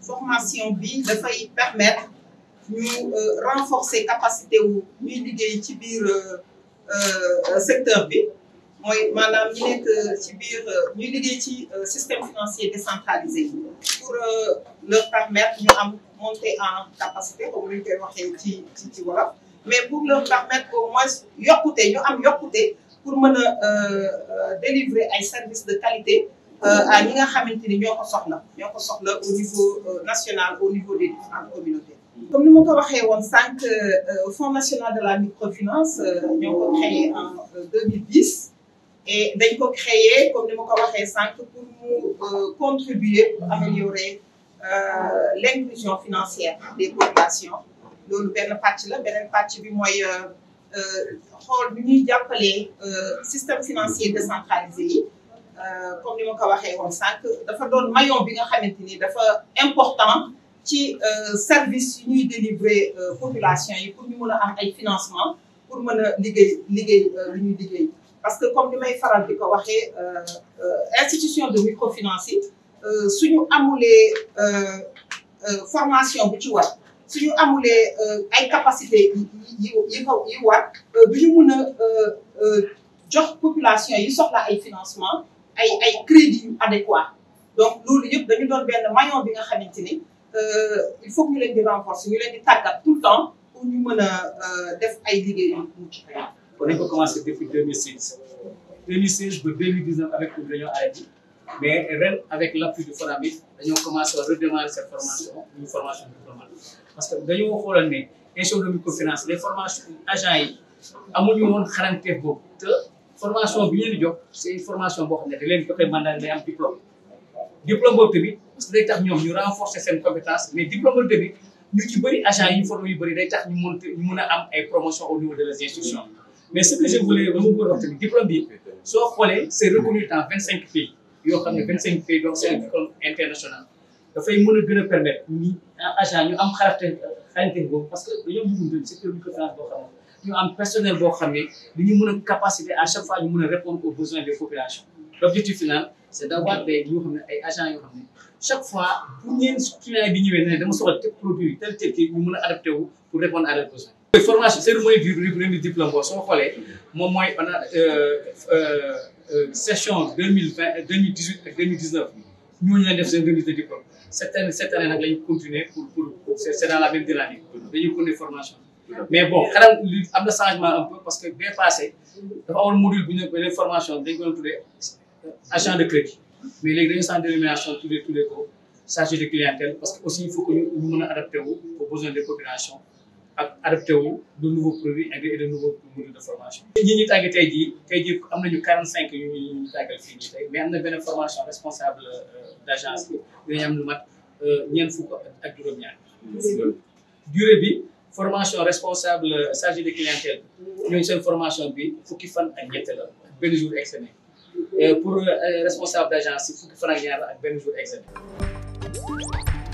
formation bi dafay permettre ñu euh, renforcer capacité wu ñuy liggéey ci biir euh, euh, secteur bi mooy maanaam ñi nekk ci biir ñuy liggéey ci système financier décentralisé pour leur permettre ñu am monter en capacité comme ni ñu ci ci ci mais pour leur permettre au moins yokkute ñu am yokkute pour mën a euh, délivrer ay service de qualité euh, à nga xamante ni ñoo ko soxla ñoo ko soxla au niveau euh, national au niveau des différentes comme ni ma ko waxee woon sànq fonds national de la microfinance ñoo ko créé en et dañ ko créé comme ni ma ko waxee sànq pour mu contribuer améliorer l' financière des populations loolu benn pàcc la beneen pàcc bi mooy. Euh, xool bi ñuy jàppalee euh, système financier décentralisé yi euh, comme ni ma ko waxee woon sànq dafa doon mayon bi nga xamante ni dafa important ci service yu ñuy délivrer population yi pour ñu mën a am ay financement pour mën a liggéey liggéey lu ñuy liggéey parce que comme ni may faral di ko waxee institution de microfinance yi suñu amulee formation bu ci war ñu amulee euh, ay capacité yi yi ko yi war euh, du ñu mun a euh, jox population yi soxla ay financement ay ay crédit yu adéquat donc loolu yëpp dañu doon benn maillon bi nga xamante ni il faut que ñu leen di renforcer ñu leen di tàggat tout temps pour ñu mën a def ay liggéey yu mucc ayib. kon dañ ko commencé depuis 2016 2016 ba 2019 avec une réunion ARETI. mais ren avec l' appui du FODAMIV dañoo commencé à redémarrer cette formation une formation diplômante parce que dañoo xoolal ne institut de microfinance les formations agents yi amuñu woon xarañte boobu te formation bi ñu leen formation boo xam ne da leen joxe mandat day am diplôme. diplôme boobu tamit parce que day tax ñoom ñu renforcer seen compétence mais diplôme boobu ñu ci bëri agents yi ñu formé yu bëri day tax ñu mën ñu a am ay promotion au niveau de les institutions mais ce que je ba ma bëggoon wax bi soo xoolee c' est reconnu dans vingt cinq yoo xam ne vingt cinq pays donc c'est international dafay mën a gën a permettre ñi agent ñu am xarate xarante boobu parce que dañoo bëgg doon secteur microfinance boo xam ne ñu am personnel boo xam ne li ñu mën a capacité à chaque fois ñu mën a répondre aux besoins des populations l'objectif final c'est d'avoir des ñoo xam ne ay agents yoo xam ne chaque fois pour ñeen client bi ñëwee ne dama soxla tel produit tel tel kii ñu mën a adapté wu pour répondre à leurs besoins formation cérémonie du remise diplôme boo soo xoolee moom mooy on a euh, euh, Euh, session deux mille vingt euh, deux mille dix huit ak deux mille dix neuf ñooñu la def seen remise de diplôme cette année cette année nag la ñu continuer pour pour pour c' est dans la même dynamique dañuy continuer formation. mais bon xanaa li am na un peu parce que bien passé dafa amoon module bu ñu beneen formation dañ ko doon agent de crédit mais léegi dañu sans dénomination tuddee tuddee ko chargé de clientèle parce que aussi il faut que ñu mën a adapté ak adapté wu de nouveaux produits ak de nouveaux modules de formation. ñi ñu tàgge tey jii tey jii am nañu quarante cinq yu ñu ñu tàggal fii nii tey mais am na benn formation responsable euh, d' agence bi dinañ am lu mat euh, ñeent fukk ak juróom-ñaar. durée bi formation responsable euh, chargé de clientèle ñooñu seen formation bi fukki fan ak ñett la pour responsable d' agence yi fukki ak ñaar benn jour externe.